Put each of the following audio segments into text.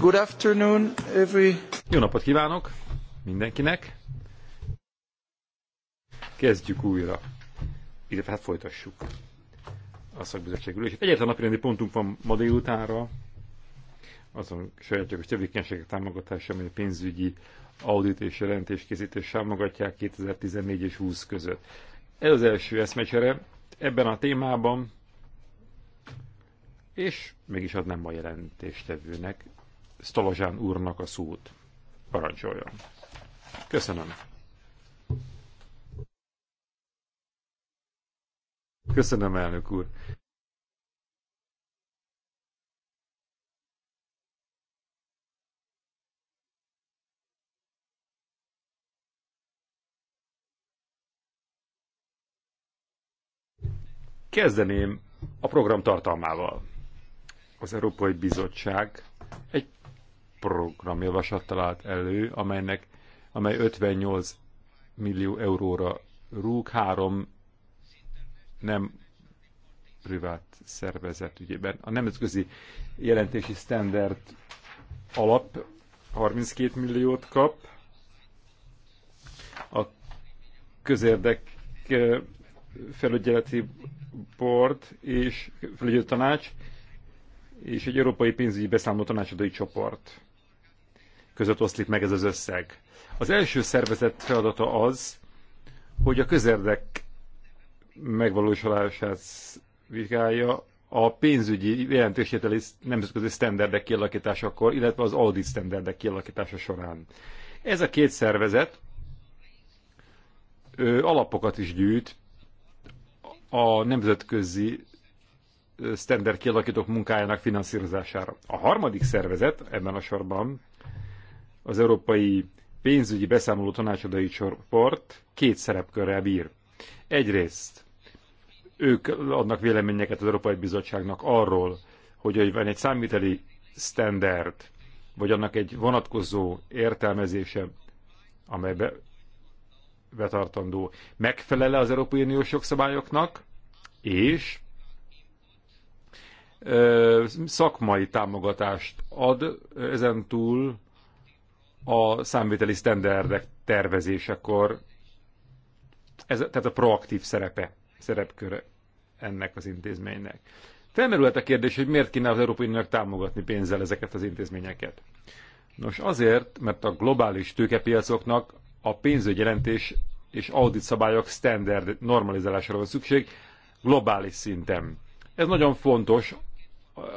Good afternoon, every... Jó napot kívánok mindenkinek. Kezdjük újra. Illetve hát folytassuk a szakbizottság ülését. Egyetlen napirendi pontunk van ma délutánra, azon sajátjogos tevékenységek támogatása, amely a pénzügyi audit és jelentéskészítés támogatják 2014 és 20 között. Ez az első eszmecsere. Ebben a témában és mégis nem a jelentéstevőnek, Stolozsán úrnak a szót. Parancsoljon. Köszönöm. Köszönöm, elnök úr. Kezdeném a program tartalmával az Európai Bizottság egy programjavaslat talált elő, amelynek, amely 58 millió euróra rúg, három nem privát szervezet ügyében. A nemzetközi jelentési standard alap 32 milliót kap, a közérdek felügyeleti board és felügyelő tanács és egy európai pénzügyi beszámoló tanácsadói csoport között oszlik meg ez az összeg. Az első szervezet feladata az, hogy a közérdek megvalósulását vizsgálja a pénzügyi jelentéstételi nemzetközi sztenderdek kialakításakor, illetve az audit sztenderdek kialakítása során. Ez a két szervezet ő, alapokat is gyűjt a nemzetközi standard kialakítók munkájának finanszírozására. A harmadik szervezet ebben a sorban az Európai Pénzügyi Beszámoló Tanácsadói Csoport két szerepkörrel bír. Egyrészt ők adnak véleményeket az Európai Bizottságnak arról, hogy van egy számviteli standard, vagy annak egy vonatkozó értelmezése, amelybe betartandó, megfelele az Európai Uniós jogszabályoknak, és szakmai támogatást ad ezen túl a számviteli sztenderdek tervezésekor, ez, tehát a proaktív szerepe, szerepköre ennek az intézménynek. Felmerült a kérdés, hogy miért kéne az Európai Uniónak támogatni pénzzel ezeket az intézményeket. Nos, azért, mert a globális tőkepiacoknak a pénzügyjelentés és audit szabályok standard normalizálására van szükség globális szinten. Ez nagyon fontos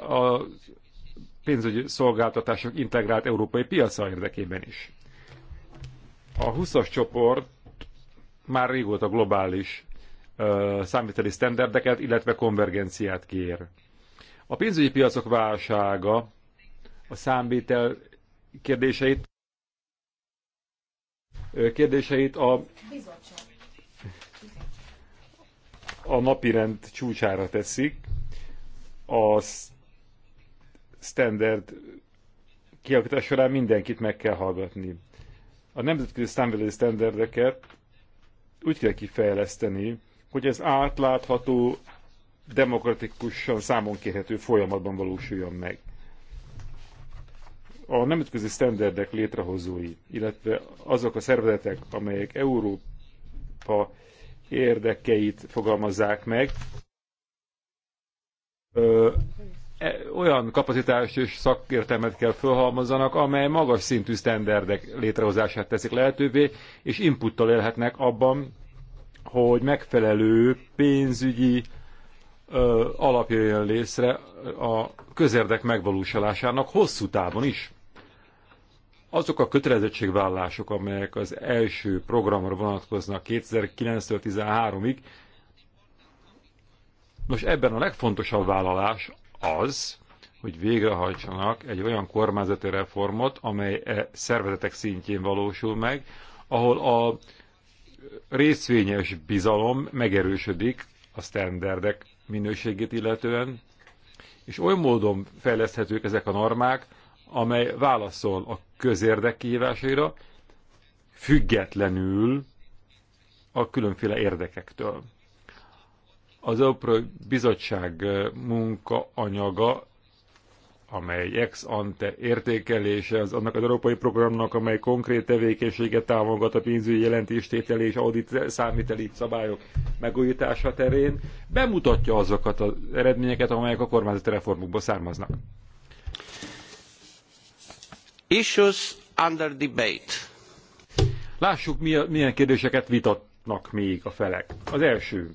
a pénzügyi szolgáltatások integrált európai piaca érdekében is. A 20-as csoport már régóta globális ö, számviteli sztenderdeket, illetve konvergenciát kér. A pénzügyi piacok válsága a számvétel kérdéseit kérdéseit a a napirend csúcsára teszik, a standard kialakítás során mindenkit meg kell hallgatni. A nemzetközi számvédelmi standardeket úgy kell kifejleszteni, hogy ez átlátható, demokratikusan számon kérhető folyamatban valósuljon meg. A nemzetközi standardek létrehozói, illetve azok a szervezetek, amelyek Európa érdekeit fogalmazzák meg, ö, e, olyan kapacitás és szakértelmet kell fölhalmozzanak, amely magas szintű sztenderdek létrehozását teszik lehetővé, és inputtal élhetnek abban, hogy megfelelő pénzügyi ö, alapja jön létre a közérdek megvalósulásának hosszú távon is. Azok a kötelezettségvállások, amelyek az első programra vonatkoznak 2009-13-ig, Nos, ebben a legfontosabb vállalás az, hogy végrehajtsanak egy olyan kormányzati reformot, amely e szervezetek szintjén valósul meg, ahol a részvényes bizalom megerősödik a standardek minőségét illetően, és oly módon fejleszthetők ezek a normák, amely válaszol a közérdek kihívásaira, függetlenül a különféle érdekektől. Az Európai Bizottság munkaanyaga, amely ex ante értékelése az annak az európai programnak, amely konkrét tevékenységet támogat a pénzügyi jelentéstételi és audit számíteli szabályok megújítása terén, bemutatja azokat az eredményeket, amelyek a kormányzati reformokból származnak. Issues under debate. Lássuk, milyen kérdéseket vitatnak még a felek. Az első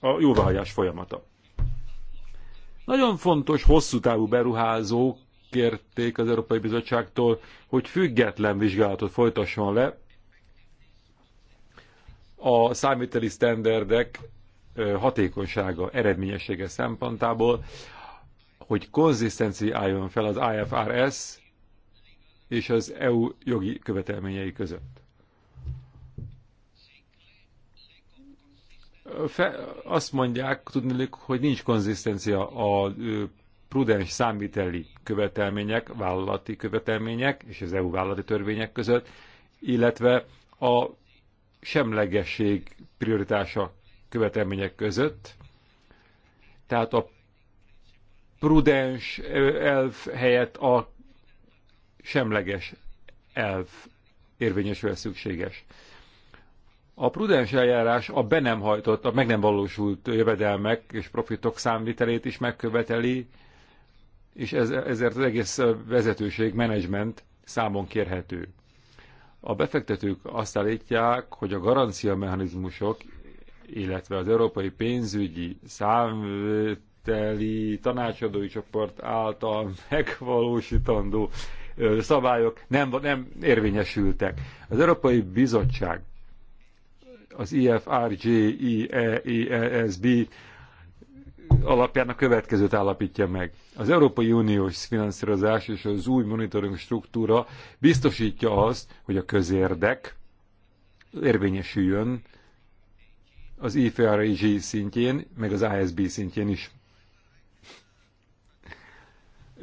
a jóváhagyás folyamata. Nagyon fontos, hosszú távú beruházók kérték az Európai Bizottságtól, hogy független vizsgálatot folytasson le a számíteli sztenderdek hatékonysága, eredményessége szempontából, hogy konzisztenci álljon fel az IFRS és az EU jogi követelményei között. fe, azt mondják, tudnilik, hogy nincs konzisztencia a prudens számíteli követelmények, vállalati követelmények és az EU vállalati törvények között, illetve a semlegesség prioritása követelmények között. Tehát a prudens elv helyett a semleges elv érvényesül szükséges. A prudens eljárás a be nem hajtott, a meg nem valósult jövedelmek és profitok számvitelét is megköveteli, és ez, ezért az egész vezetőség, menedzsment számon kérhető. A befektetők azt állítják, hogy a garancia mechanizmusok, illetve az Európai Pénzügyi Számviteli Tanácsadói Csoport által megvalósítandó szabályok nem, nem érvényesültek. Az Európai Bizottság az IFRJIEESB alapján a következőt állapítja meg. Az Európai Uniós finanszírozás és az új monitoring struktúra biztosítja azt, hogy a közérdek érvényesüljön az IFRJ szintjén, meg az ISB szintjén is.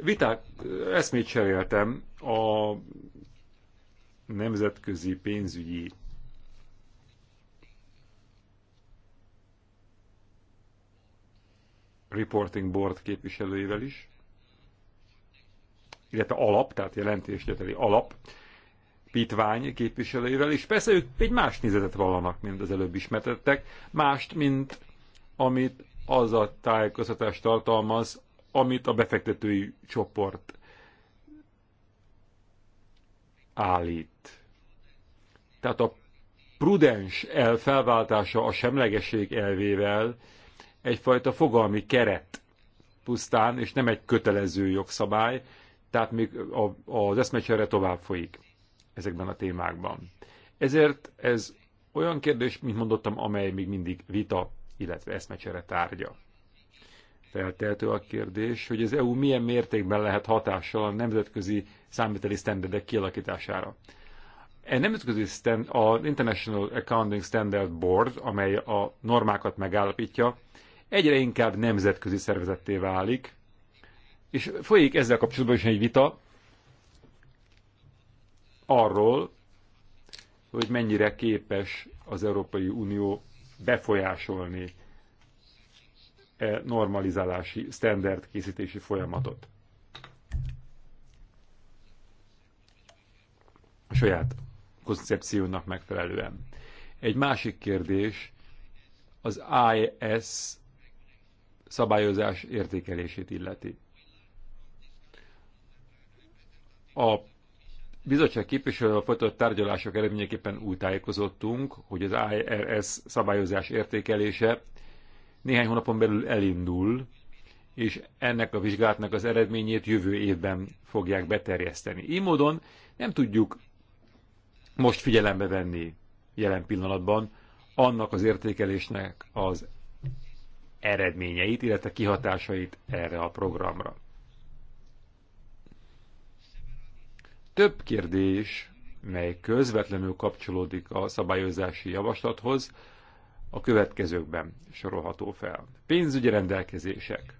Viták, eszmét cseréltem a nemzetközi pénzügyi Reporting Board képviselőivel is, illetve alap, tehát jelentésgyeteli alap, pitvány képviselőivel, is, persze ők egy más nézetet vallanak, mint az előbb ismertettek, mást, mint amit az a tájékoztatás tartalmaz, amit a befektetői csoport állít. Tehát a prudens elfelváltása a semlegesség elvével egyfajta fogalmi keret pusztán, és nem egy kötelező jogszabály, tehát még a, az eszmecsere tovább folyik ezekben a témákban. Ezért ez olyan kérdés, mint mondottam, amely még mindig vita, illetve eszmecsere tárgya. Feltehető a kérdés, hogy az EU milyen mértékben lehet hatással a nemzetközi számviteli standardek kialakítására. E nemzetközi stand, a International Accounting Standard Board, amely a normákat megállapítja, egyre inkább nemzetközi szervezetté válik, és folyik ezzel kapcsolatban is egy vita arról, hogy mennyire képes az Európai Unió befolyásolni e normalizálási, standard készítési folyamatot. A saját koncepciónak megfelelően. Egy másik kérdés az IS szabályozás értékelését illeti. A bizottság képviselővel folytatott tárgyalások eredményeképpen úgy tájékozottunk, hogy az IRS szabályozás értékelése néhány hónapon belül elindul, és ennek a vizsgálatnak az eredményét jövő évben fogják beterjeszteni. Így módon nem tudjuk most figyelembe venni jelen pillanatban annak az értékelésnek az eredményeit, illetve kihatásait erre a programra. Több kérdés, mely közvetlenül kapcsolódik a szabályozási javaslathoz, a következőkben sorolható fel. Pénzügyi rendelkezések.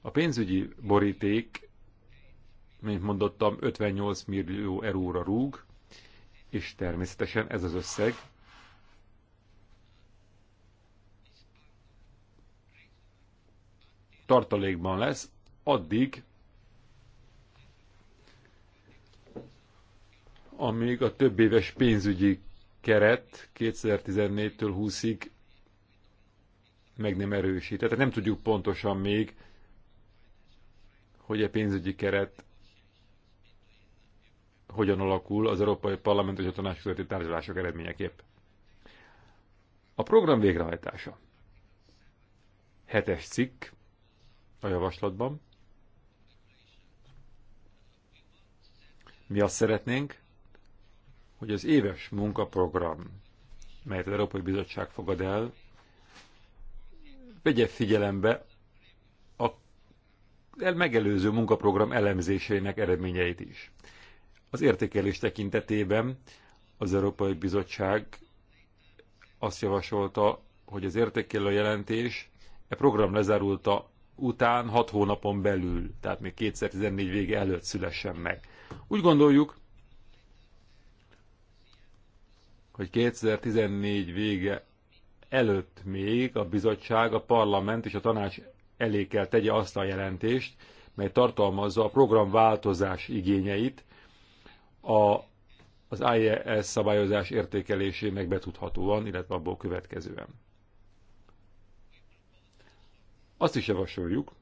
A pénzügyi boríték, mint mondottam, 58 millió euróra rúg, és természetesen ez az összeg tartalékban lesz, addig, amíg a több éves pénzügyi keret 2014-től 20-ig meg nem erősít. Tehát nem tudjuk pontosan még, hogy a pénzügyi keret hogyan alakul az Európai Parlament és a Tanács közötti tárgyalások eredményeképp. A program végrehajtása. Hetes cikk a javaslatban. Mi azt szeretnénk, hogy az éves munkaprogram, melyet az Európai Bizottság fogad el, vegye figyelembe a megelőző munkaprogram elemzéseinek eredményeit is. Az értékelés tekintetében az Európai Bizottság azt javasolta, hogy az értékelő jelentés e program lezárulta után hat hónapon belül, tehát még 2014 vége előtt szülessen meg. Úgy gondoljuk, hogy 2014 vége előtt még a bizottság, a parlament és a tanács elé kell tegye azt a jelentést, mely tartalmazza a programváltozás igényeit a, az IES szabályozás értékelésének betudhatóan, illetve abból következően. Azt is javasoljuk,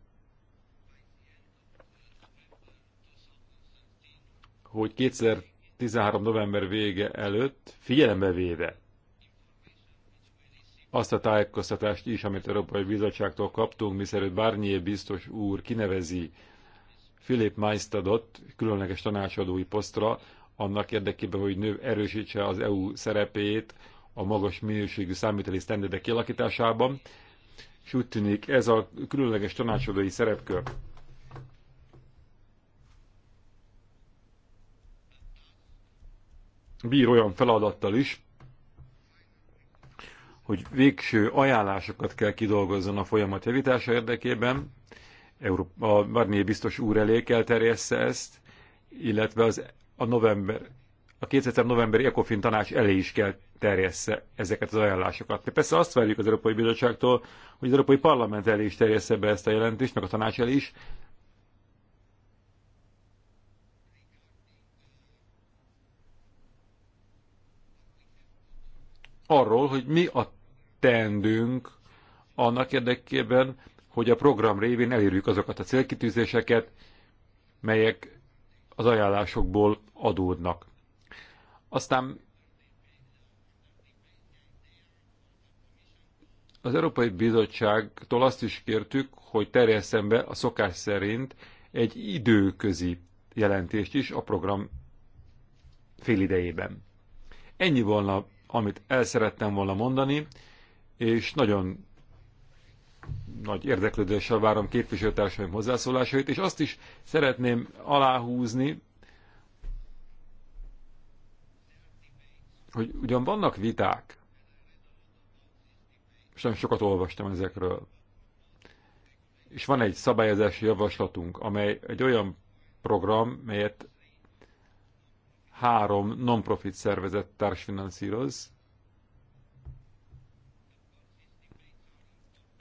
hogy 2013. november vége előtt figyelembe véve azt a tájékoztatást is, amit Európai Bizottságtól kaptunk, miszerint Barnier biztos úr kinevezi Philip Meistadot különleges tanácsadói posztra, annak érdekében, hogy nő erősítse az EU szerepét a magas minőségű számíteli sztenderdek kialakításában és úgy tűnik ez a különleges tanácsadói szerepkör. Bír olyan feladattal is, hogy végső ajánlásokat kell kidolgozzon a folyamat javítása érdekében, Európa, a Barnier biztos úr elé kell terjessze ezt, illetve az, a november a 2000 novemberi ECOFIN tanács elé is kell terjessze ezeket az ajánlásokat. De persze azt várjuk az Európai Bizottságtól, hogy az Európai Parlament elé is terjessze be ezt a jelentést, meg a tanács elé is. Arról, hogy mi a teendünk annak érdekében, hogy a program révén elérjük azokat a célkitűzéseket, melyek az ajánlásokból adódnak. Aztán az Európai Bizottságtól azt is kértük, hogy terjesszen be a szokás szerint egy időközi jelentést is a program idejében. Ennyi volna, amit el szerettem volna mondani, és nagyon nagy érdeklődéssel várom képviselőtársaim hozzászólásait, és azt is szeretném aláhúzni, hogy ugyan vannak viták, és nem sokat olvastam ezekről, és van egy szabályozási javaslatunk, amely egy olyan program, melyet három non-profit szervezet társfinanszíroz,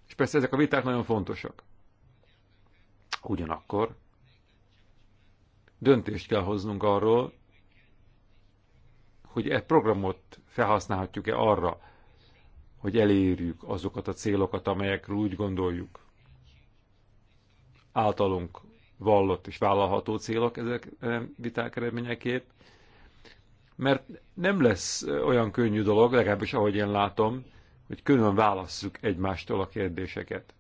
és persze ezek a viták nagyon fontosak. Ugyanakkor döntést kell hoznunk arról, hogy e programot felhasználhatjuk-e arra, hogy elérjük azokat a célokat, amelyekről úgy gondoljuk általunk vallott és vállalható célok ezek e, viták eredményeképp, mert nem lesz e, olyan könnyű dolog, legalábbis ahogy én látom, hogy külön válasszuk egymástól a kérdéseket.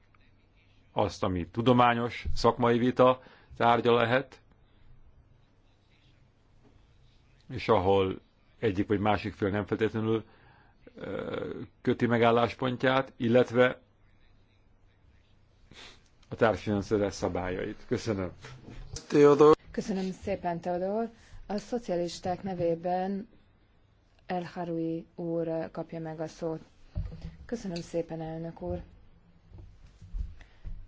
Azt, ami tudományos, szakmai vita tárgya lehet, és ahol egyik vagy másik fél nem feltétlenül köti megálláspontját, illetve a társfinanszírozás szabályait. Köszönöm. Teodor. Köszönöm szépen, Teodor. A szocialisták nevében El Harui úr kapja meg a szót. Köszönöm szépen, elnök úr.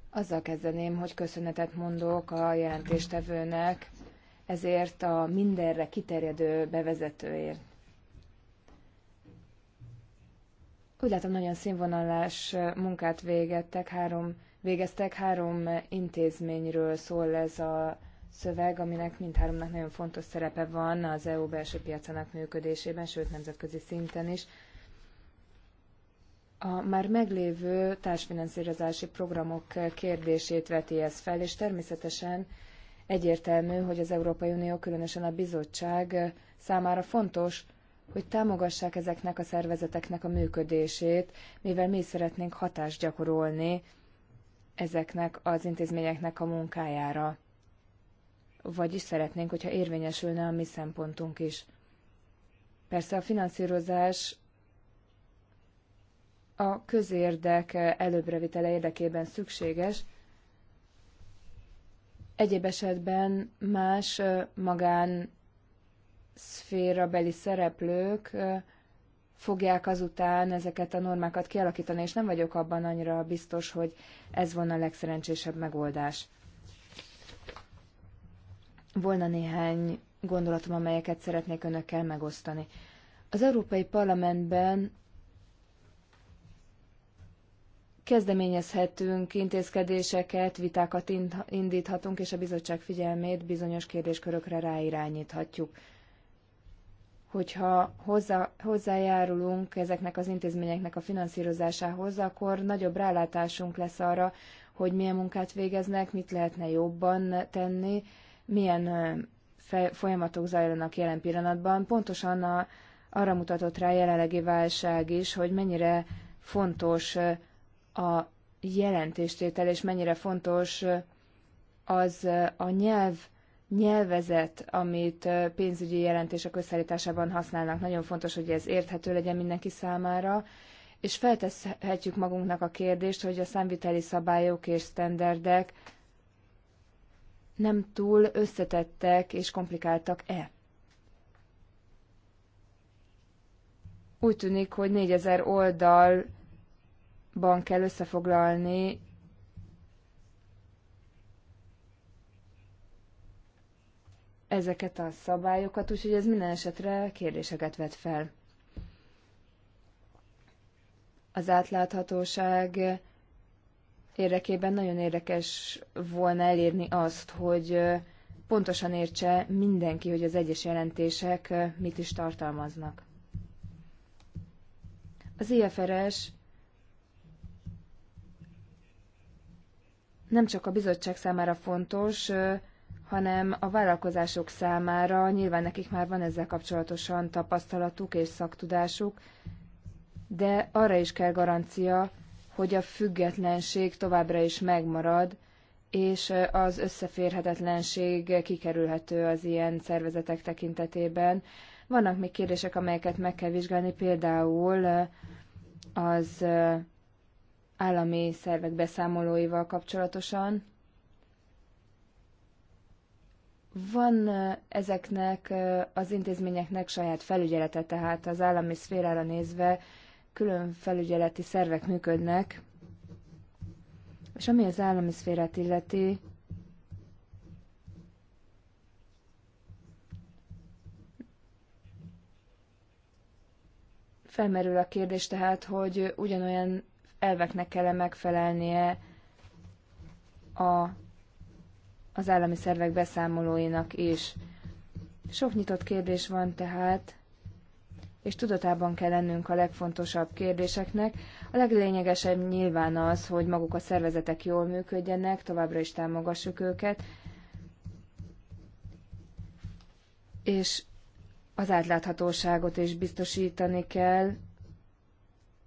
Azzal kezdeném, hogy köszönetet mondok a jelentéstevőnek ezért a mindenre kiterjedő bevezetőért. Úgy látom, nagyon színvonalás munkát végettek, három, végeztek, három intézményről szól ez a szöveg, aminek mindháromnak nagyon fontos szerepe van az EU belső piacának működésében, sőt nemzetközi szinten is. A már meglévő társfinanszírozási programok kérdését veti ez fel, és természetesen Egyértelmű, hogy az Európai Unió, különösen a bizottság számára fontos, hogy támogassák ezeknek a szervezeteknek a működését, mivel mi szeretnénk hatást gyakorolni ezeknek az intézményeknek a munkájára. Vagyis szeretnénk, hogyha érvényesülne a mi szempontunk is. Persze a finanszírozás a közérdek előbbrevitele érdekében szükséges, Egyéb esetben más magán szférabeli szereplők fogják azután ezeket a normákat kialakítani, és nem vagyok abban annyira biztos, hogy ez volna a legszerencsésebb megoldás. Volna néhány gondolatom, amelyeket szeretnék önökkel megosztani. Az Európai Parlamentben kezdeményezhetünk intézkedéseket, vitákat indíthatunk, és a bizottság figyelmét bizonyos kérdéskörökre ráirányíthatjuk. Hogyha hozzá, hozzájárulunk ezeknek az intézményeknek a finanszírozásához, akkor nagyobb rálátásunk lesz arra, hogy milyen munkát végeznek, mit lehetne jobban tenni, milyen folyamatok zajlanak jelen pillanatban. Pontosan a, arra mutatott rá jelenlegi válság is, hogy mennyire fontos a jelentéstétel, és mennyire fontos az a nyelv, nyelvezet, amit pénzügyi jelentések összeállításában használnak. Nagyon fontos, hogy ez érthető legyen mindenki számára, és feltesszhetjük magunknak a kérdést, hogy a számviteli szabályok és sztenderdek nem túl összetettek és komplikáltak-e. Úgy tűnik, hogy 4000 oldal ban kell összefoglalni ezeket a szabályokat, úgyhogy ez minden esetre kérdéseket vet fel. Az átláthatóság érdekében nagyon érdekes volna elérni azt, hogy pontosan értse mindenki, hogy az egyes jelentések mit is tartalmaznak. Az IFRS nem csak a bizottság számára fontos, hanem a vállalkozások számára, nyilván nekik már van ezzel kapcsolatosan tapasztalatuk és szaktudásuk, de arra is kell garancia, hogy a függetlenség továbbra is megmarad, és az összeférhetetlenség kikerülhető az ilyen szervezetek tekintetében. Vannak még kérdések, amelyeket meg kell vizsgálni, például az állami szervek beszámolóival kapcsolatosan. Van ezeknek az intézményeknek saját felügyelete, tehát az állami szférára nézve külön felügyeleti szervek működnek, és ami az állami szférát illeti, felmerül a kérdés tehát, hogy ugyanolyan elveknek kell -e megfelelnie a, az állami szervek beszámolóinak is. Sok nyitott kérdés van tehát, és tudatában kell lennünk a legfontosabb kérdéseknek. A leglényegesebb nyilván az, hogy maguk a szervezetek jól működjenek, továbbra is támogassuk őket, és az átláthatóságot is biztosítani kell,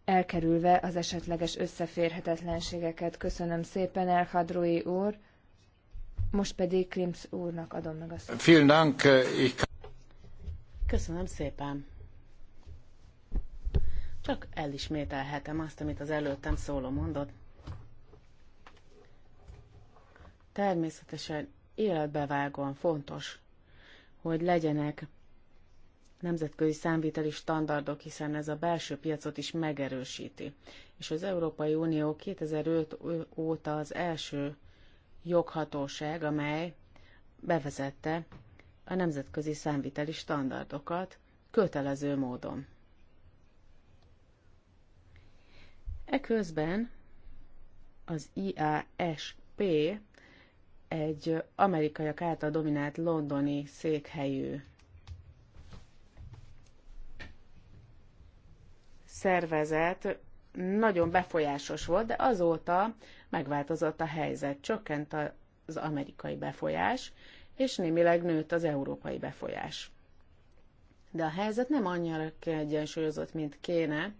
elkerülve az esetleges összeférhetetlenségeket. Köszönöm szépen, Elhadrói úr. Most pedig Klimsz úrnak adom meg a szót. Eh, Köszönöm szépen. Csak elismételhetem azt, amit az előttem szóló mondott. Természetesen életbevágóan fontos, hogy legyenek nemzetközi számviteli standardok, hiszen ez a belső piacot is megerősíti. És az Európai Unió 2005 óta az első joghatóság, amely bevezette a nemzetközi számviteli standardokat kötelező módon. Eközben az IASP egy amerikaiak által dominált londoni székhelyű szervezet nagyon befolyásos volt, de azóta megváltozott a helyzet, csökkent az amerikai befolyás, és némileg nőtt az európai befolyás. De a helyzet nem annyira kiegyensúlyozott, mint kéne,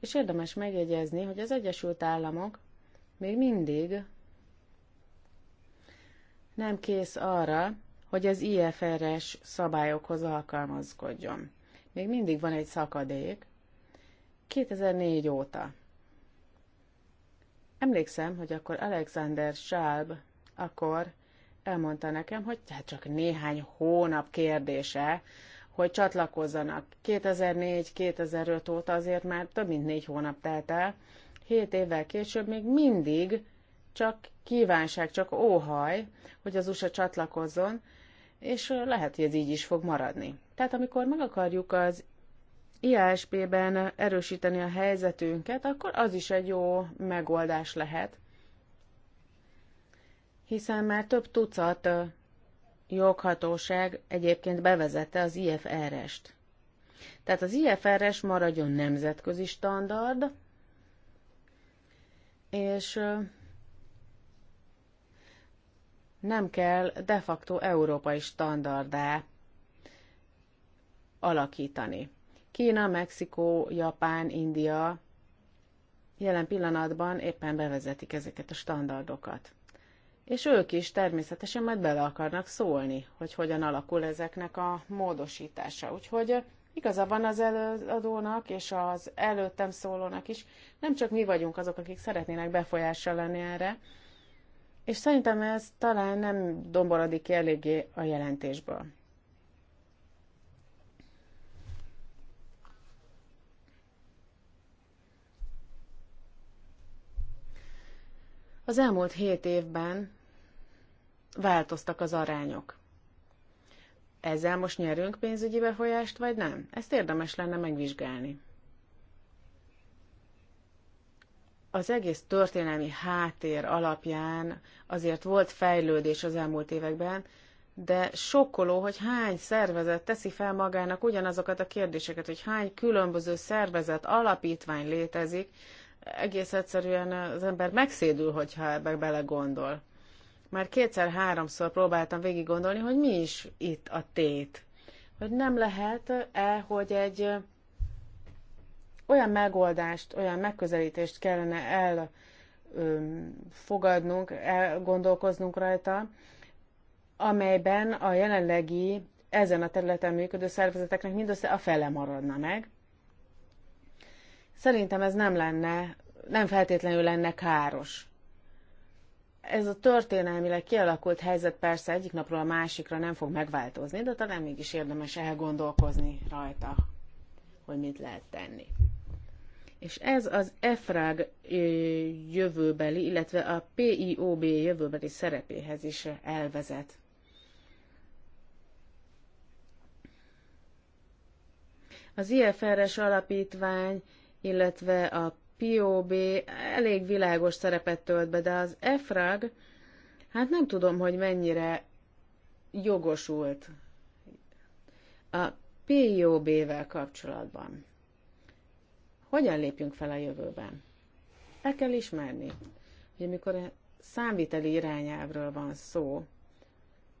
és érdemes megjegyezni, hogy az Egyesült Államok még mindig nem kész arra, hogy az IFRS szabályokhoz alkalmazkodjon. Még mindig van egy szakadék 2004 óta. Emlékszem, hogy akkor Alexander Schalb akkor elmondta nekem, hogy tehát csak néhány hónap kérdése, hogy csatlakozzanak. 2004-2005 óta azért már több mint négy hónap telt el, hét évvel később még mindig csak kívánság, csak óhaj, hogy az USA csatlakozzon, és lehet, hogy ez így is fog maradni. Tehát amikor meg akarjuk az IASP-ben erősíteni a helyzetünket, akkor az is egy jó megoldás lehet, hiszen már több tucat joghatóság egyébként bevezette az IFRS-t. Tehát az IFRS maradjon nemzetközi standard, és nem kell de facto európai standardá alakítani. Kína, Mexikó, Japán, India jelen pillanatban éppen bevezetik ezeket a standardokat. És ők is természetesen majd bele akarnak szólni, hogy hogyan alakul ezeknek a módosítása. Úgyhogy igaza van az előadónak és az előttem szólónak is, nem csak mi vagyunk azok, akik szeretnének befolyással lenni erre, és szerintem ez talán nem domborodik ki eléggé a jelentésből. Az elmúlt hét évben változtak az arányok. Ezzel most nyerünk pénzügyi befolyást, vagy nem? Ezt érdemes lenne megvizsgálni. az egész történelmi háttér alapján azért volt fejlődés az elmúlt években, de sokkoló, hogy hány szervezet teszi fel magának ugyanazokat a kérdéseket, hogy hány különböző szervezet, alapítvány létezik, egész egyszerűen az ember megszédül, hogyha ebbe belegondol. Már kétszer-háromszor próbáltam végig gondolni, hogy mi is itt a tét. Hogy nem lehet-e, hogy egy olyan megoldást, olyan megközelítést kellene el elgondolkoznunk rajta, amelyben a jelenlegi ezen a területen működő szervezeteknek mindössze a fele maradna meg, Szerintem ez nem lenne, nem feltétlenül lenne káros. Ez a történelmileg kialakult helyzet persze egyik napról a másikra nem fog megváltozni, de talán mégis érdemes elgondolkozni rajta, hogy mit lehet tenni. És ez az EFRAG jövőbeli, illetve a PIOB jövőbeli szerepéhez is elvezet. Az IFRS alapítvány illetve a POB elég világos szerepet tölt be, de az EFRAG, hát nem tudom, hogy mennyire jogosult a POB-vel kapcsolatban. Hogyan lépjünk fel a jövőben? El kell ismerni, hogy amikor a számviteli irányelvről van szó,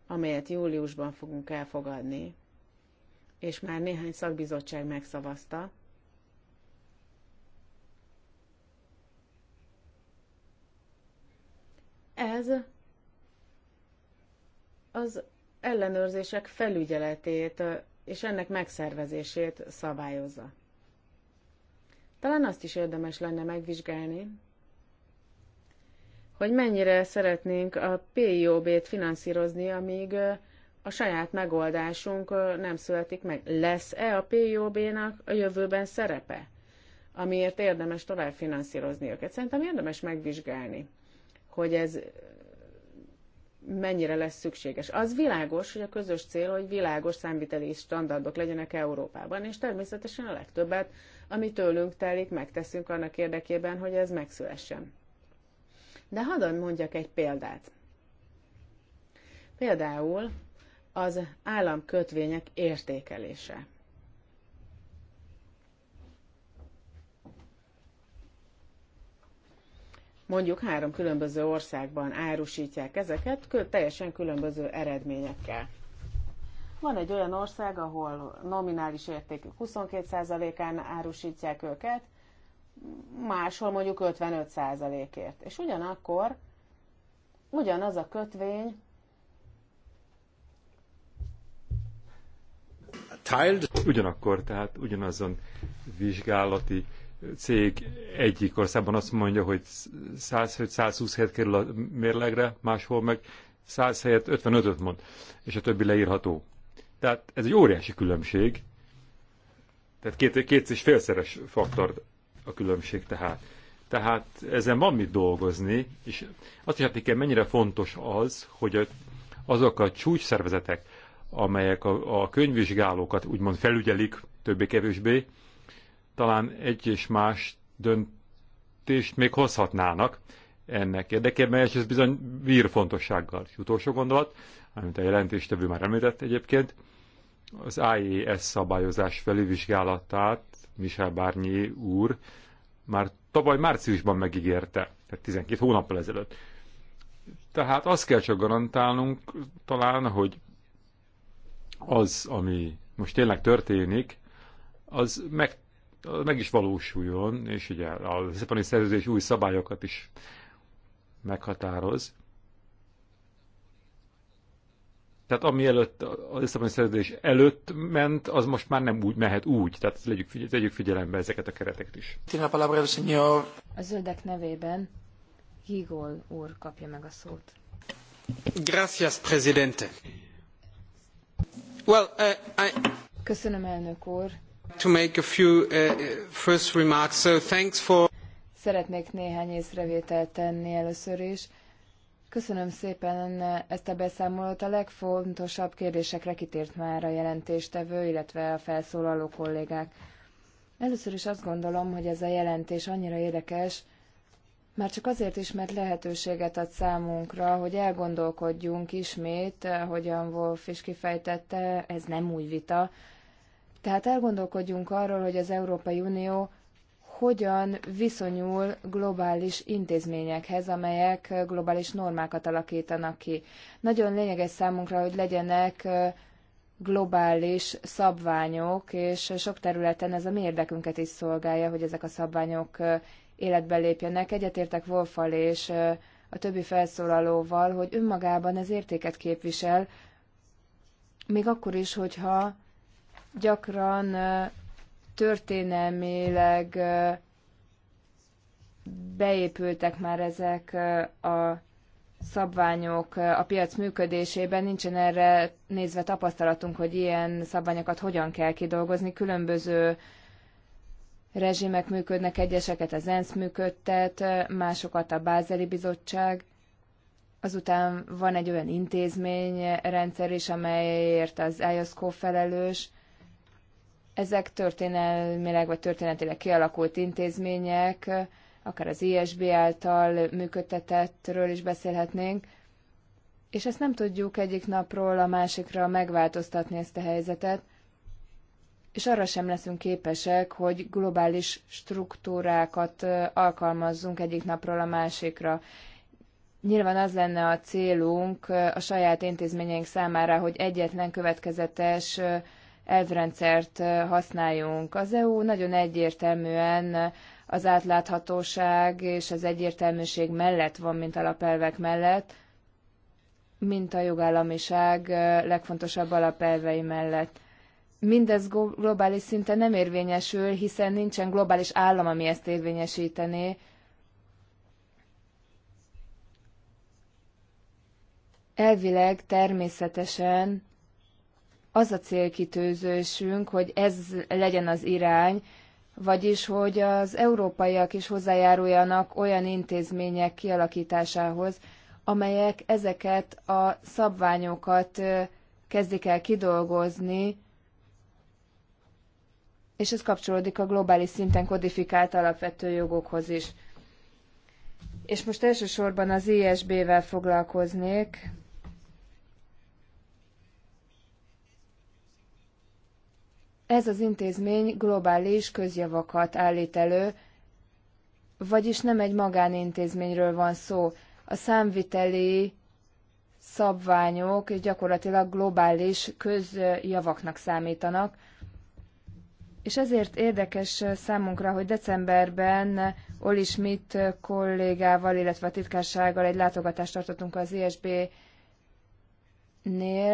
amelyet júliusban fogunk elfogadni, és már néhány szakbizottság megszavazta, ez az ellenőrzések felügyeletét és ennek megszervezését szabályozza. Talán azt is érdemes lenne megvizsgálni, hogy mennyire szeretnénk a PIOB-t finanszírozni, amíg a saját megoldásunk nem születik meg. Lesz-e a PIOB-nak a jövőben szerepe, amiért érdemes tovább finanszírozni őket? Szerintem érdemes megvizsgálni hogy ez mennyire lesz szükséges. Az világos, hogy a közös cél, hogy világos számviteli standardok legyenek Európában, és természetesen a legtöbbet, ami tőlünk telik, megteszünk annak érdekében, hogy ez megszülessen. De hadd mondjak egy példát. Például az államkötvények értékelése. mondjuk három különböző országban árusítják ezeket, teljesen különböző eredményekkel. Van egy olyan ország, ahol nominális értékük 22%-án árusítják őket, máshol mondjuk 55%-ért. És ugyanakkor ugyanaz a kötvény Ugyanakkor, tehát ugyanazon vizsgálati cég egyik országban azt mondja, hogy 100, hogy 120 helyet kerül a mérlegre, máshol meg 100 helyet 55-öt mond, és a többi leírható. Tehát ez egy óriási különbség, tehát két, két és félszeres faktor a különbség tehát. Tehát ezen van mit dolgozni, és azt is hát igen, mennyire fontos az, hogy azok a csúcs szervezetek, amelyek a, a könyvvizsgálókat úgymond felügyelik többé-kevésbé, talán egy és más döntést még hozhatnának ennek érdekében, és ez bizony vírfontossággal. És utolsó gondolat, amit a jelentéstevő már említett egyébként, az IES szabályozás felülvizsgálatát Michel Bárnyi úr már tavaly márciusban megígérte, tehát 12 hónappal ezelőtt. Tehát azt kell csak garantálnunk talán, hogy az, ami most tényleg történik, az meg meg is valósuljon, és ugye a Lisszaboni szerződés új szabályokat is meghatároz. Tehát ami előtt, a Lisszaboni szerződés előtt ment, az most már nem úgy mehet úgy. Tehát legyük, figy legyük figyelembe ezeket a kereteket is. A zöldek nevében Gigol úr kapja meg a szót. Gracias, presidente. Well, uh, I... Köszönöm, elnök úr. Szeretnék néhány észrevételt tenni először is. Köszönöm szépen ezt a beszámolót. A legfontosabb kérdésekre kitért már a jelentéstevő, illetve a felszólaló kollégák. Először is azt gondolom, hogy ez a jelentés annyira érdekes, már csak azért is, mert lehetőséget ad számunkra, hogy elgondolkodjunk ismét, eh, hogyan Wolf is kifejtette, ez nem új vita, tehát elgondolkodjunk arról, hogy az Európai Unió hogyan viszonyul globális intézményekhez, amelyek globális normákat alakítanak ki. Nagyon lényeges számunkra, hogy legyenek globális szabványok, és sok területen ez a mi érdekünket is szolgálja, hogy ezek a szabványok életbe lépjenek. Egyetértek Wolfal és a többi felszólalóval, hogy önmagában ez értéket képvisel, még akkor is, hogyha gyakran történelmileg beépültek már ezek a szabványok a piac működésében, nincsen erre nézve tapasztalatunk, hogy ilyen szabványokat hogyan kell kidolgozni. Különböző rezsimek működnek, egyeseket az ENSZ működtet, másokat a Bázeli Bizottság. Azután van egy olyan intézményrendszer is, amelyért az IOSCO felelős, ezek történelmileg vagy történetileg kialakult intézmények, akár az ISB által működtetettről is beszélhetnénk, és ezt nem tudjuk egyik napról a másikra megváltoztatni ezt a helyzetet, és arra sem leszünk képesek, hogy globális struktúrákat alkalmazzunk egyik napról a másikra. Nyilván az lenne a célunk a saját intézményeink számára, hogy egyetlen következetes elvrendszert használjunk. Az EU nagyon egyértelműen az átláthatóság és az egyértelműség mellett van, mint alapelvek mellett, mint a jogállamiság legfontosabb alapelvei mellett. Mindez globális szinten nem érvényesül, hiszen nincsen globális állam, ami ezt érvényesítené. Elvileg természetesen az a célkitőzősünk, hogy ez legyen az irány, vagyis hogy az európaiak is hozzájáruljanak olyan intézmények kialakításához, amelyek ezeket a szabványokat kezdik el kidolgozni, és ez kapcsolódik a globális szinten kodifikált alapvető jogokhoz is. És most elsősorban az ISB-vel foglalkoznék, Ez az intézmény globális közjavakat állít elő, vagyis nem egy magánintézményről van szó. A számviteli szabványok gyakorlatilag globális közjavaknak számítanak, és ezért érdekes számunkra, hogy decemberben Oli Schmidt kollégával, illetve a titkársággal egy látogatást tartottunk az ISB-nél,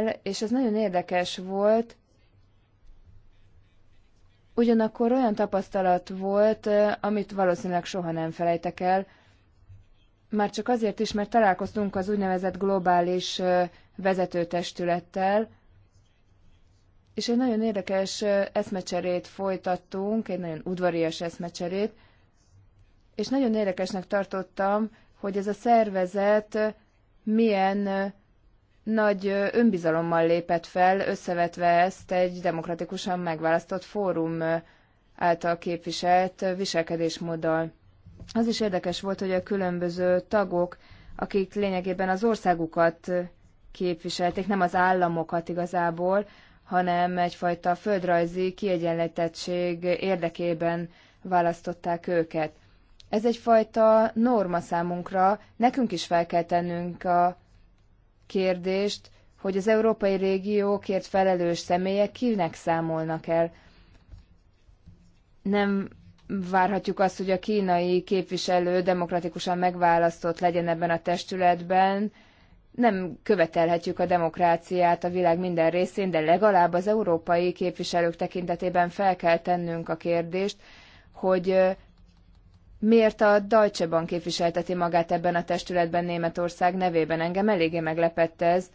e és ez nagyon érdekes volt, Ugyanakkor olyan tapasztalat volt, amit valószínűleg soha nem felejtek el, már csak azért is, mert találkoztunk az úgynevezett globális vezetőtestülettel, és egy nagyon érdekes eszmecserét folytattunk, egy nagyon udvarias eszmecserét, és nagyon érdekesnek tartottam, hogy ez a szervezet milyen nagy önbizalommal lépett fel, összevetve ezt egy demokratikusan megválasztott fórum által képviselt viselkedésmóddal. Az is érdekes volt, hogy a különböző tagok, akik lényegében az országukat képviselték, nem az államokat igazából, hanem egyfajta földrajzi kiegyenlítettség érdekében választották őket. Ez egyfajta norma számunkra, nekünk is fel kell tennünk a kérdést, hogy az európai régiókért felelős személyek kinek számolnak el. Nem várhatjuk azt, hogy a kínai képviselő demokratikusan megválasztott legyen ebben a testületben. Nem követelhetjük a demokráciát a világ minden részén, de legalább az európai képviselők tekintetében fel kell tennünk a kérdést, hogy miért a Deutsche Bank képviselteti magát ebben a testületben Németország nevében. Engem eléggé meglepett ez.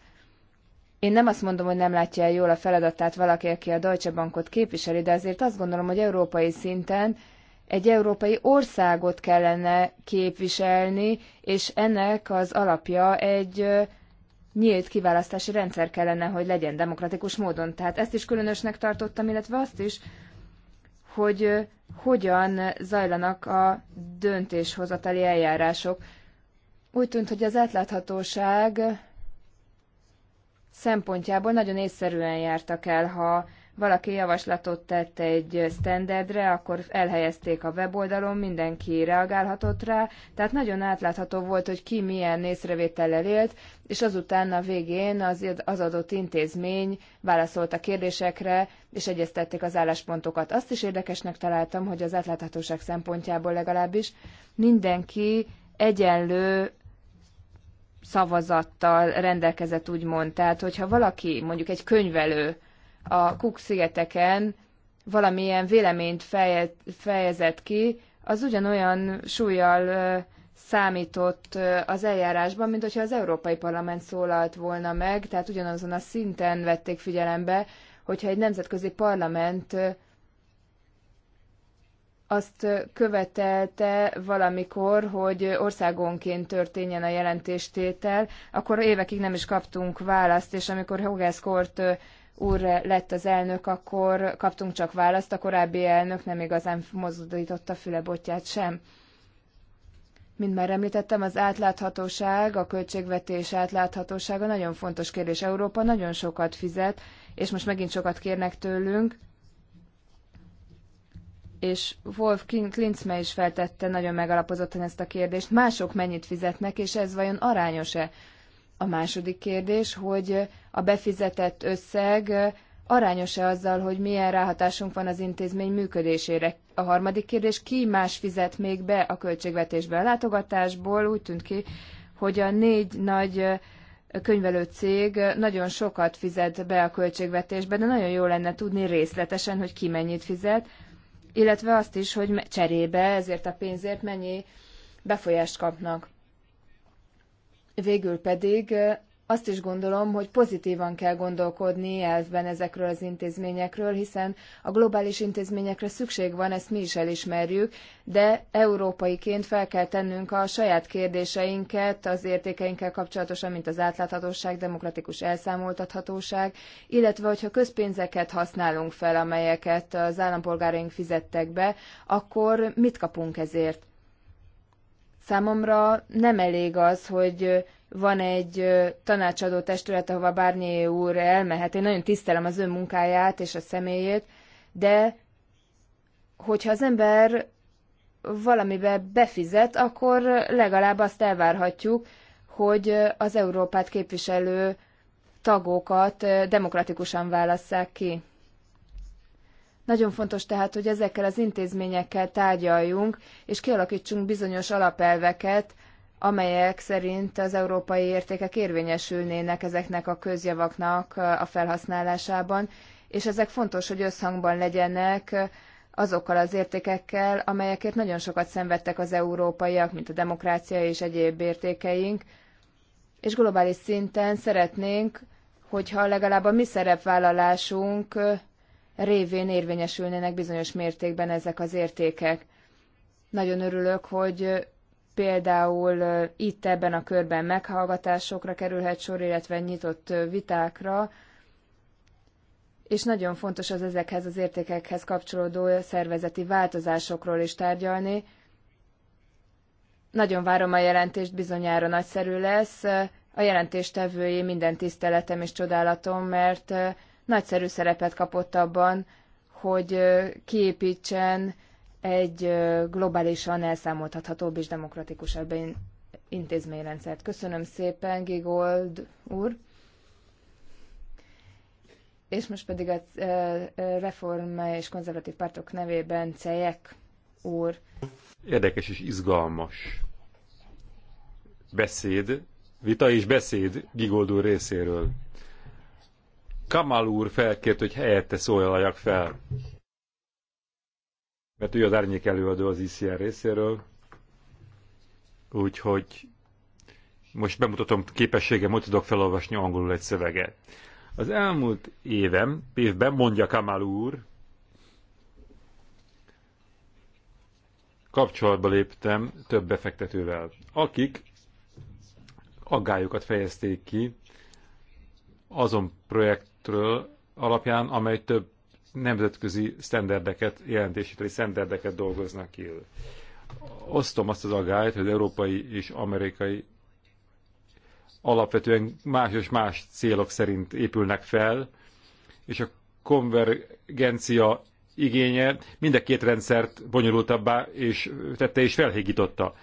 Én nem azt mondom, hogy nem látja el jól a feladatát valaki, aki a Deutsche Bankot képviseli, de azért azt gondolom, hogy európai szinten egy európai országot kellene képviselni, és ennek az alapja egy nyílt kiválasztási rendszer kellene, hogy legyen demokratikus módon. Tehát ezt is különösnek tartottam, illetve azt is, hogy hogyan zajlanak a döntéshozatali eljárások. Úgy tűnt, hogy az átláthatóság szempontjából nagyon észszerűen jártak el, ha valaki javaslatot tett egy standardre, akkor elhelyezték a weboldalon, mindenki reagálhatott rá, tehát nagyon átlátható volt, hogy ki milyen észrevétellel élt, és azután a végén az, az adott intézmény válaszolt a kérdésekre, és egyeztették az álláspontokat. Azt is érdekesnek találtam, hogy az átláthatóság szempontjából legalábbis mindenki egyenlő szavazattal rendelkezett, úgymond. Tehát, hogyha valaki, mondjuk egy könyvelő, a Cook-szigeteken valamilyen véleményt feje, fejezett ki, az ugyanolyan súlyjal számított az eljárásban, mint hogyha az Európai Parlament szólalt volna meg, tehát ugyanazon a szinten vették figyelembe, hogyha egy nemzetközi parlament azt követelte valamikor, hogy országonként történjen a jelentéstétel, akkor évekig nem is kaptunk választ, és amikor Kort úr lett az elnök, akkor kaptunk csak választ, a korábbi elnök nem igazán mozdította botját sem. Mint már említettem, az átláthatóság, a költségvetés átláthatósága nagyon fontos kérdés. Európa nagyon sokat fizet, és most megint sokat kérnek tőlünk. És Wolf Klintzme is feltette nagyon megalapozottan ezt a kérdést. Mások mennyit fizetnek, és ez vajon arányos-e? A második kérdés, hogy a befizetett összeg arányos-e azzal, hogy milyen ráhatásunk van az intézmény működésére? A harmadik kérdés, ki más fizet még be a költségvetésbe? A látogatásból úgy tűnt ki, hogy a négy nagy könyvelőcég nagyon sokat fizet be a költségvetésbe, de nagyon jó lenne tudni részletesen, hogy ki mennyit fizet, illetve azt is, hogy cserébe ezért a pénzért mennyi befolyást kapnak. Végül pedig azt is gondolom, hogy pozitívan kell gondolkodni elvben ezekről az intézményekről, hiszen a globális intézményekre szükség van, ezt mi is elismerjük, de európaiként fel kell tennünk a saját kérdéseinket az értékeinkkel kapcsolatosan, mint az átláthatóság, demokratikus elszámoltathatóság, illetve hogyha közpénzeket használunk fel, amelyeket az állampolgáraink fizettek be, akkor mit kapunk ezért? Számomra nem elég az, hogy van egy tanácsadó testület, ahova Bárnyé úr elmehet. Én nagyon tisztelem az ő munkáját és a személyét, de hogyha az ember valamibe befizet, akkor legalább azt elvárhatjuk, hogy az Európát képviselő tagokat demokratikusan válasszák ki. Nagyon fontos tehát, hogy ezekkel az intézményekkel tárgyaljunk, és kialakítsunk bizonyos alapelveket, amelyek szerint az európai értékek érvényesülnének ezeknek a közjavaknak a felhasználásában, és ezek fontos, hogy összhangban legyenek azokkal az értékekkel, amelyekért nagyon sokat szenvedtek az európaiak, mint a demokrácia és egyéb értékeink, és globális szinten szeretnénk, hogyha legalább a mi szerepvállalásunk révén érvényesülnének bizonyos mértékben ezek az értékek. Nagyon örülök, hogy például itt ebben a körben meghallgatásokra kerülhet sor, illetve nyitott vitákra, és nagyon fontos az ezekhez az értékekhez kapcsolódó szervezeti változásokról is tárgyalni. Nagyon várom a jelentést, bizonyára nagyszerű lesz. A jelentéstevőjé minden tiszteletem és csodálatom, mert nagyszerű szerepet kapott abban, hogy kiépítsen egy globálisan elszámoltathatóbb és demokratikusabb intézményrendszert. Köszönöm szépen, Gigold úr! És most pedig a reform és konzervatív pártok nevében Cejek úr. Érdekes és izgalmas beszéd, vita és beszéd Gigold úr részéről. Kamal úr felkért, hogy helyette szólaljak fel. Mert ő az árnyék előadó az ICR részéről. Úgyhogy most bemutatom képességem, hogy tudok felolvasni angolul egy szöveget. Az elmúlt évem, évben mondja Kamal úr, kapcsolatba léptem több befektetővel, akik aggályokat fejezték ki azon projekt rendeletről alapján, amely több nemzetközi sztenderdeket, jelentésíteli sztenderdeket dolgoznak ki. Osztom azt az agályt, hogy az európai és amerikai alapvetően más és más célok szerint épülnek fel, és a konvergencia igénye mind a két rendszert bonyolultabbá és tette és felhígította.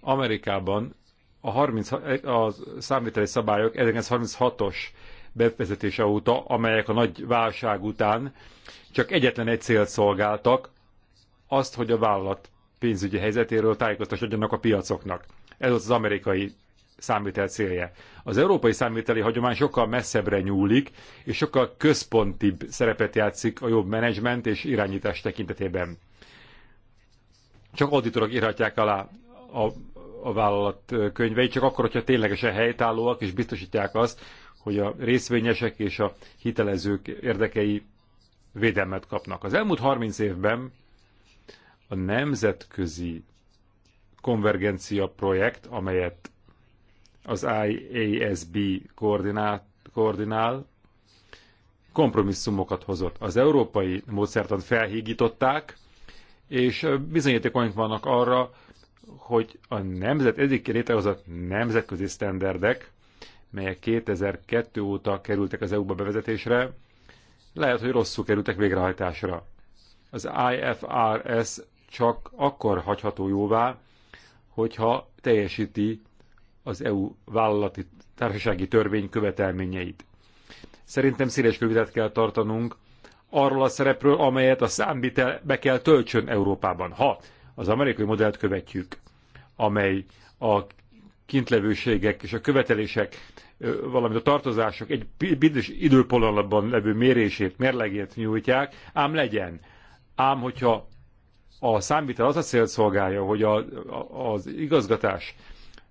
Amerikában a, 30, a számítási szabályok 1936-os bevezetése óta, amelyek a nagy válság után csak egyetlen egy célt szolgáltak, azt, hogy a vállalat pénzügyi helyzetéről tájékoztassanak a piacoknak. Ez az amerikai számvitel célja. Az európai számviteli hagyomány sokkal messzebbre nyúlik, és sokkal központibb szerepet játszik a jobb menedzsment és irányítás tekintetében. Csak auditorok írhatják alá a, a vállalat könyveit, csak akkor, hogyha ténylegesen helytállóak, és biztosítják azt, hogy a részvényesek és a hitelezők érdekei védelmet kapnak. Az elmúlt 30 évben a nemzetközi konvergencia projekt, amelyet az IASB koordinál, koordinál kompromisszumokat hozott. Az európai módszertan felhígították, és bizonyítékoink vannak arra, hogy a nemzet egyik létrehozott nemzetközi sztenderdek melyek 2002 óta kerültek az EU-ba bevezetésre, lehet, hogy rosszul kerültek végrehajtásra. Az IFRS csak akkor hagyható jóvá, hogyha teljesíti az EU vállalati társasági törvény követelményeit. Szerintem széles vitát kell tartanunk arról a szerepről, amelyet a számvitel be kell töltsön Európában. Ha az amerikai modellt követjük, amely a kintlevőségek és a követelések valamint a tartozások egy bizonyos időpolalatban levő mérését, mérlegét nyújtják, ám legyen. Ám hogyha a számvitel az a célt szolgálja, hogy a, a, az igazgatás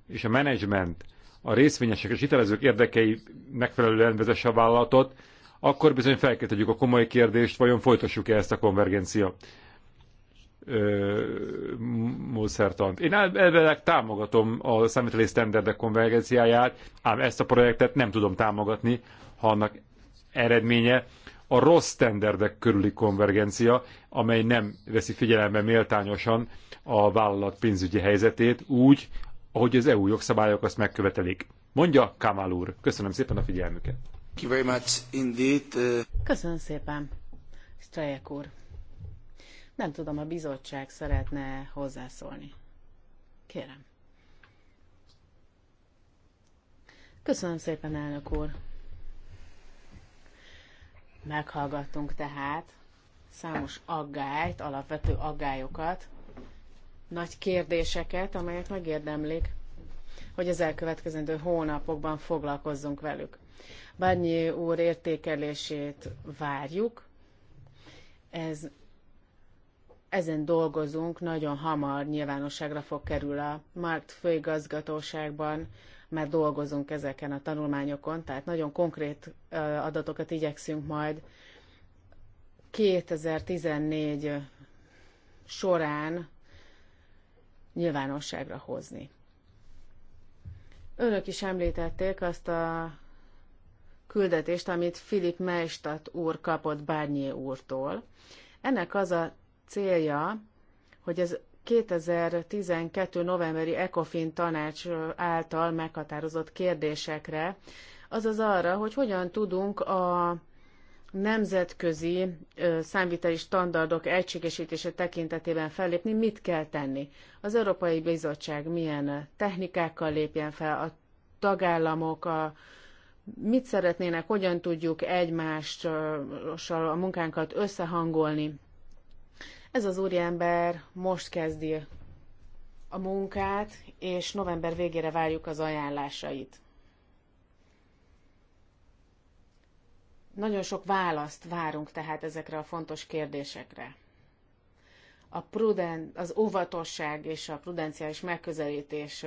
és a menedzsment a részvényesek és hitelezők érdekei megfelelően vezesse a vállalatot, akkor bizony felkeltetjük a komoly kérdést, vajon folytassuk-e ezt a konvergencia módszertant. Én elvileg támogatom a számíteli standardek konvergenciáját, ám ezt a projektet nem tudom támogatni, ha annak eredménye a rossz standardek körüli konvergencia, amely nem veszi figyelembe méltányosan a vállalat pénzügyi helyzetét úgy, ahogy az EU jogszabályok azt megkövetelik. Mondja Kamal úr. Köszönöm szépen a figyelmüket. Köszönöm szépen, Strajek úr. Nem tudom, a bizottság szeretne hozzászólni. Kérem. Köszönöm szépen, elnök úr. Meghallgattunk tehát számos aggályt, alapvető aggályokat, nagy kérdéseket, amelyek megérdemlik, hogy az elkövetkezendő hónapokban foglalkozzunk velük. Bányi úr értékelését várjuk. Ez ezen dolgozunk, nagyon hamar nyilvánosságra fog kerül a Markt főigazgatóságban, mert dolgozunk ezeken a tanulmányokon, tehát nagyon konkrét adatokat igyekszünk majd 2014 során nyilvánosságra hozni. Önök is említették azt a küldetést, amit Philip Meistat úr kapott Bárnyé úrtól. Ennek az a célja, hogy az 2012. novemberi ECOFIN tanács által meghatározott kérdésekre, azaz arra, hogy hogyan tudunk a nemzetközi számviteli standardok egységesítése tekintetében fellépni, mit kell tenni. Az Európai Bizottság milyen technikákkal lépjen fel, a tagállamok, a, mit szeretnének, hogyan tudjuk egymással a munkánkat összehangolni, ez az úriember most kezdi a munkát, és november végére várjuk az ajánlásait. Nagyon sok választ várunk tehát ezekre a fontos kérdésekre. A pruden, az óvatosság és a prudenciális megközelítés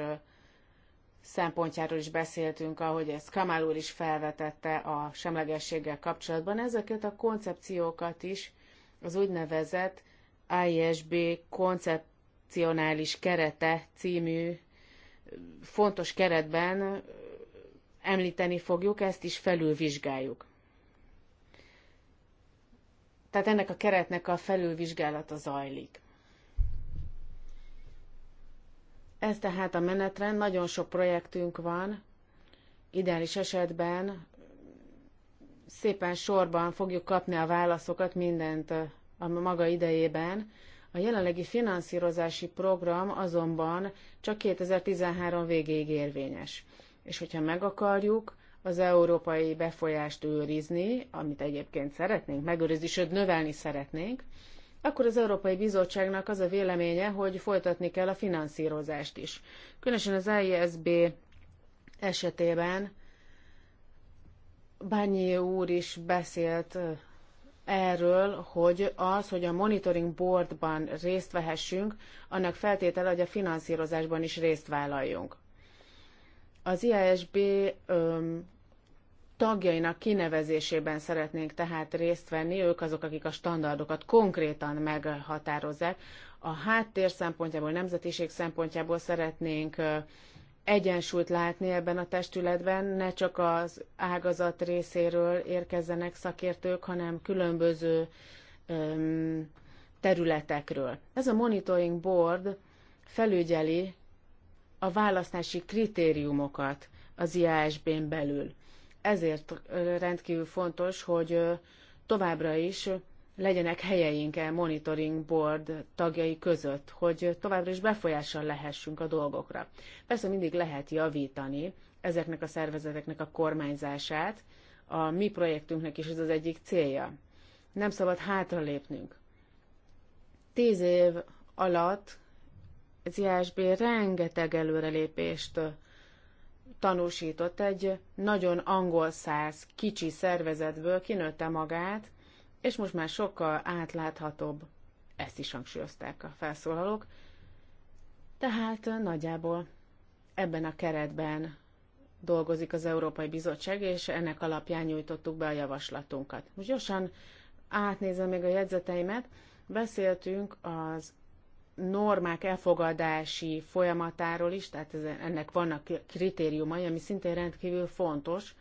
szempontjáról is beszéltünk, ahogy ezt Kamál úr is felvetette a semlegességgel kapcsolatban. Ezeket a koncepciókat is az úgynevezett ISB koncepcionális kerete című fontos keretben említeni fogjuk, ezt is felülvizsgáljuk. Tehát ennek a keretnek a felülvizsgálata zajlik. Ez tehát a menetrend, nagyon sok projektünk van, ideális esetben szépen sorban fogjuk kapni a válaszokat mindent a maga idejében. A jelenlegi finanszírozási program azonban csak 2013 végéig érvényes. És hogyha meg akarjuk az európai befolyást őrizni, amit egyébként szeretnénk megőrizni, sőt növelni szeretnénk, akkor az Európai Bizottságnak az a véleménye, hogy folytatni kell a finanszírozást is. Különösen az ISB esetében Bányi úr is beszélt erről, hogy az, hogy a monitoring boardban részt vehessünk, annak feltétele, hogy a finanszírozásban is részt vállaljunk. Az IASB öm, tagjainak kinevezésében szeretnénk tehát részt venni, ők azok, akik a standardokat konkrétan meghatározzák. A háttér szempontjából, nemzetiség szempontjából szeretnénk egyensúlyt látni ebben a testületben, ne csak az ágazat részéről érkezzenek szakértők, hanem különböző öm, területekről. Ez a monitoring board felügyeli a választási kritériumokat az IASB-n belül. Ezért rendkívül fontos, hogy továbbra is legyenek helyeink -e monitoring board tagjai között, hogy továbbra is befolyással lehessünk a dolgokra. Persze mindig lehet javítani ezeknek a szervezeteknek a kormányzását, a mi projektünknek is ez az egyik célja. Nem szabad hátralépnünk. Tíz év alatt az ISB rengeteg előrelépést tanúsított. Egy nagyon angol száz kicsi szervezetből kinőtte magát, és most már sokkal átláthatóbb, ezt is hangsúlyozták a felszólalók. Tehát nagyjából ebben a keretben dolgozik az Európai Bizottság, és ennek alapján nyújtottuk be a javaslatunkat. Most gyorsan átnézem még a jegyzeteimet. Beszéltünk az normák elfogadási folyamatáról is, tehát ez, ennek vannak kritériumai, ami szintén rendkívül fontos,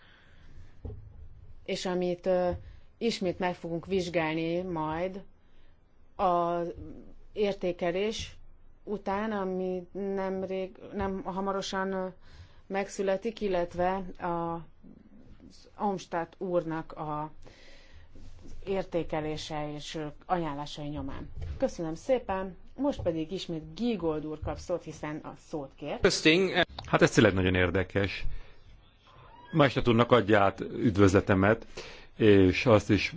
és amit ismét meg fogunk vizsgálni majd az értékelés után, ami nem, rég, nem hamarosan megszületik, illetve a Amstát úrnak a értékelése és ajánlásai nyomán. Köszönöm szépen, most pedig ismét Gigold úr kap szót, hiszen a szót kért. Hát ez tényleg nagyon érdekes. Ma este tudnak adját üdvözletemet és azt is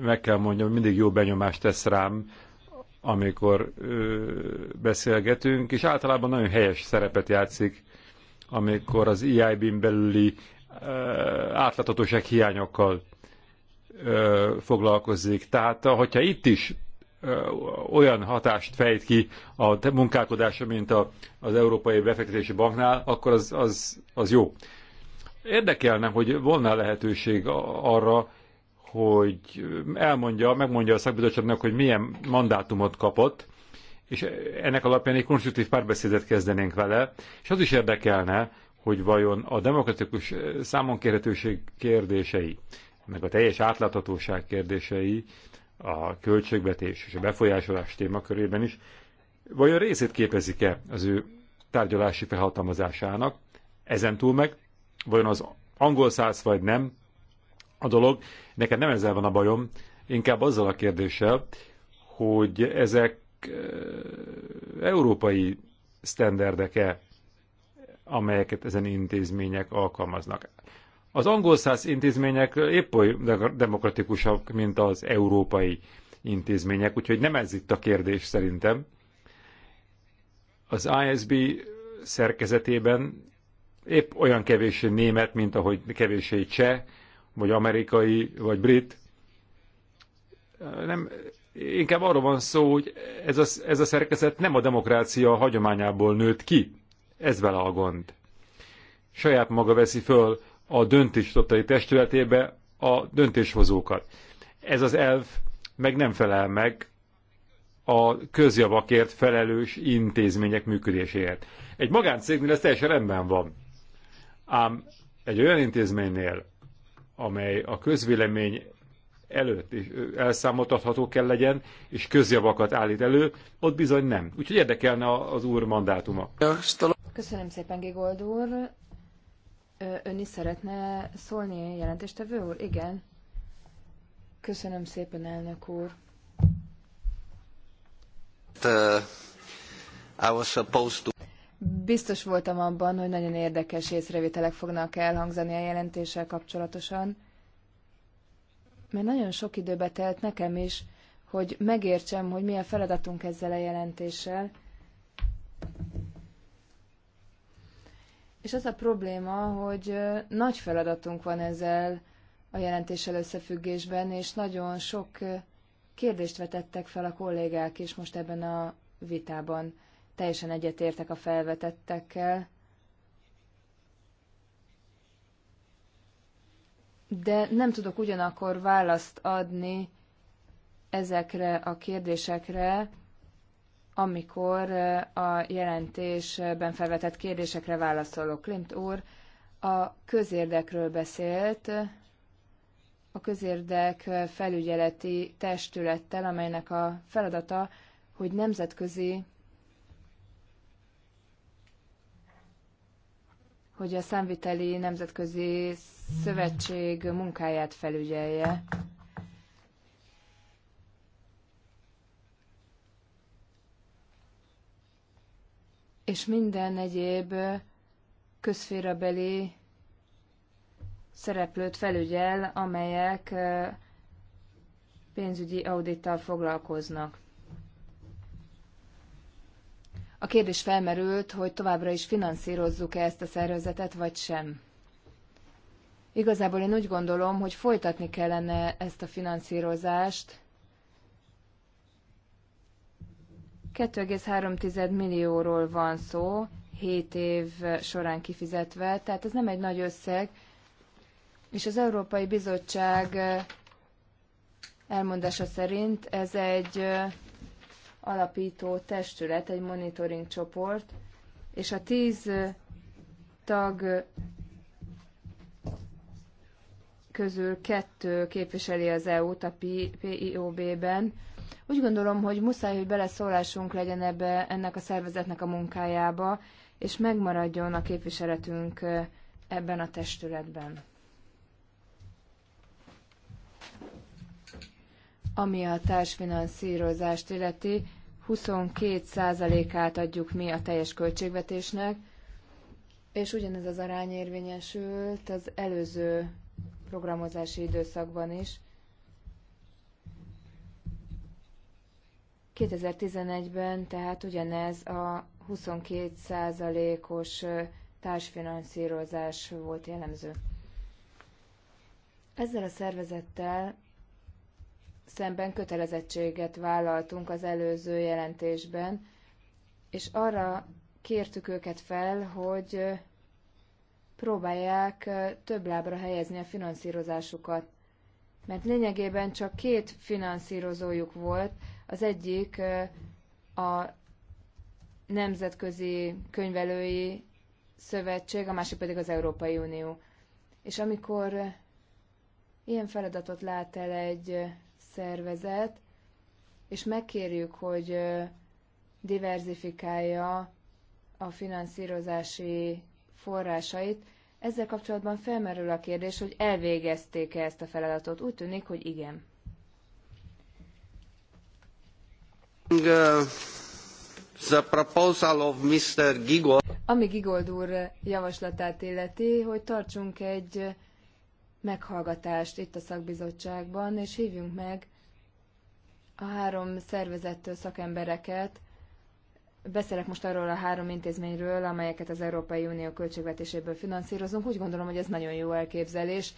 meg kell mondjam, mindig jó benyomást tesz rám, amikor ö, beszélgetünk, és általában nagyon helyes szerepet játszik, amikor az EIB-n belüli ö, átláthatóság hiányokkal ö, foglalkozik. Tehát, hogyha itt is ö, olyan hatást fejt ki a munkálkodása, mint a, az Európai Befektetési Banknál, akkor az, az, az jó. Érdekelne, hogy volna lehetőség arra, hogy elmondja, megmondja a szakbizottságnak, hogy milyen mandátumot kapott, és ennek alapján egy konstruktív párbeszédet kezdenénk vele, és az is érdekelne, hogy vajon a demokratikus eh, számonkérhetőség kérdései, meg a teljes átláthatóság kérdései, a költségvetés és a befolyásolás témakörében is, vajon részét képezik-e az ő tárgyalási felhatalmazásának, ezen túl meg vajon az angol száz vagy nem a dolog. Nekem nem ezzel van a bajom, inkább azzal a kérdéssel, hogy ezek eh, európai sztenderdek-e, amelyeket ezen intézmények alkalmaznak. Az angol száz intézmények épp olyan demokratikusak, mint az európai intézmények, úgyhogy nem ez itt a kérdés szerintem. Az ISB szerkezetében épp olyan kevésé német, mint ahogy kevésé cseh, vagy amerikai, vagy brit. Nem, inkább arról van szó, hogy ez a, ez a szerkezet nem a demokrácia hagyományából nőtt ki. Ez vele a gond. Saját maga veszi föl a döntéshozatai testületébe a döntéshozókat. Ez az elv meg nem felel meg a közjavakért felelős intézmények működéséért. Egy magáncégnél ez teljesen rendben van. Ám egy olyan intézménynél, amely a közvélemény előtt is elszámoltatható kell legyen, és közjavakat állít elő, ott bizony nem. Úgyhogy érdekelne az úr mandátuma. Köszönöm szépen, Gigold úr. Ön is szeretne szólni, jelentéstevő úr? Igen. Köszönöm szépen, elnök úr. Uh, I was supposed to Biztos voltam abban, hogy nagyon érdekes észrevételek fognak elhangzani a jelentéssel kapcsolatosan, mert nagyon sok időbe telt nekem is, hogy megértsem, hogy mi a feladatunk ezzel a jelentéssel. És az a probléma, hogy nagy feladatunk van ezzel a jelentéssel összefüggésben, és nagyon sok kérdést vetettek fel a kollégák is most ebben a vitában. Teljesen egyetértek a felvetettekkel. De nem tudok ugyanakkor választ adni ezekre a kérdésekre, amikor eh, a jelentésben felvetett kérdésekre válaszolok. Klimt úr a közérdekről beszélt, a közérdek felügyeleti testülettel, amelynek a feladata, hogy nemzetközi hogy a számviteli nemzetközi szövetség munkáját felügyelje. És minden egyéb közférabeli szereplőt felügyel, amelyek eh, pénzügyi audittal foglalkoznak. A kérdés felmerült, hogy továbbra is finanszírozzuk-e ezt a szervezetet, vagy sem. Igazából én úgy gondolom, hogy folytatni kellene ezt a finanszírozást. 2,3 millióról van szó, 7 év során kifizetve, tehát ez nem egy nagy összeg, és az Európai Bizottság eh, elmondása szerint ez egy eh, alapító testület, egy monitoring csoport, és a tíz tag közül kettő képviseli az EU-t a PIOB-ben. Úgy gondolom, hogy muszáj, hogy beleszólásunk legyen ebbe ennek a szervezetnek a munkájába, és megmaradjon a képviseletünk ebben a testületben. Ami a társfinanszírozást illeti, 22%-át adjuk mi a teljes költségvetésnek, és ugyanez az arány érvényesült az előző programozási időszakban is. 2011-ben tehát ugyanez a 22%-os társfinanszírozás volt jellemző. Ezzel a szervezettel szemben kötelezettséget vállaltunk az előző jelentésben, és arra kértük őket fel, hogy próbálják több lábra helyezni a finanszírozásukat. Mert lényegében csak két finanszírozójuk volt, az egyik a Nemzetközi Könyvelői Szövetség, a másik pedig az Európai Unió. És amikor ilyen feladatot lát el egy szervezet, és megkérjük, hogy diverzifikálja a finanszírozási forrásait. Ezzel kapcsolatban felmerül a kérdés, hogy elvégezték-e ezt a feladatot. Úgy tűnik, hogy igen. The proposal of Mr. Gigold. Ami Gigold úr javaslatát illeti, hogy tartsunk egy meghallgatást itt a szakbizottságban, és hívjunk meg a három szervezettől szakembereket. Beszélek most arról a három intézményről, amelyeket az Európai Unió költségvetéséből finanszírozunk. Úgy gondolom, hogy ez nagyon jó elképzelés,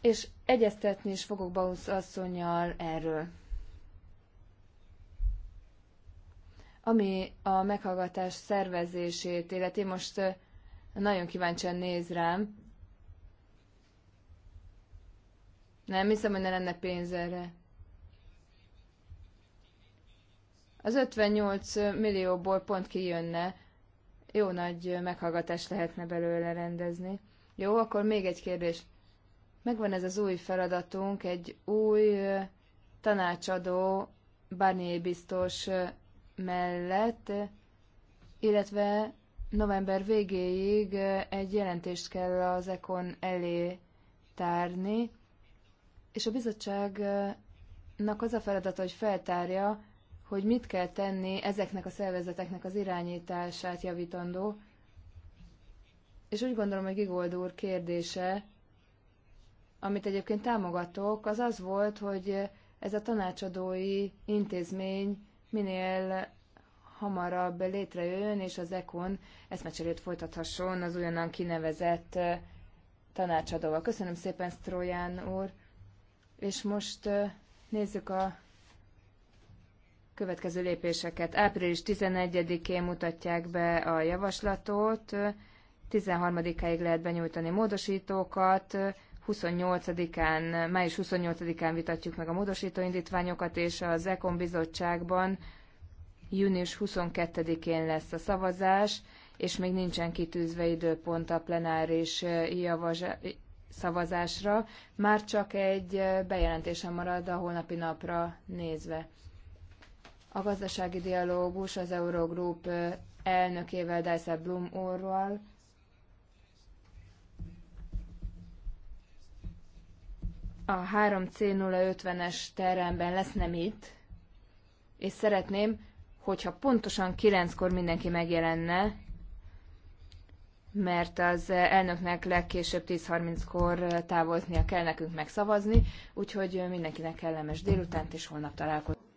és egyeztetni is fogok Bausz asszonyjal erről. Ami a meghallgatás szervezését illeti, most eh, nagyon kíváncsian néz rám, Nem hiszem, hogy ne lenne pénz erre. Az 58 millióból pont kijönne. Jó nagy meghallgatást lehetne belőle rendezni. Jó, akkor még egy kérdés. Megvan ez az új feladatunk, egy új tanácsadó Barnier biztos mellett, illetve november végéig egy jelentést kell az Ekon elé tárni és a bizottságnak az a feladata, hogy feltárja, hogy mit kell tenni ezeknek a szervezeteknek az irányítását javítandó. És úgy gondolom, hogy Gigold úr kérdése, amit egyébként támogatok, az az volt, hogy ez a tanácsadói intézmény minél hamarabb létrejön és az ECON eszmecserét folytathasson az újonnan kinevezett tanácsadóval. Köszönöm szépen, Sztróján úr! És most nézzük a következő lépéseket. Április 11-én mutatják be a javaslatot, 13-áig lehet benyújtani módosítókat, 28-án, május 28-án vitatjuk meg a módosítóindítványokat, és az EKON bizottságban június 22-én lesz a szavazás, és még nincsen kitűzve időpont a plenáris javaslat szavazásra, már csak egy bejelentésem marad a holnapi napra nézve. A gazdasági dialógus az Eurogroup elnökével, Dyson Blum úrral, a 3C050-es teremben lesz nem itt, és szeretném, hogyha pontosan kilenckor mindenki megjelenne, mert az elnöknek legkésőbb 10.30-kor távoznia kell nekünk megszavazni, úgyhogy mindenkinek kellemes délutánt, és holnap találkozunk.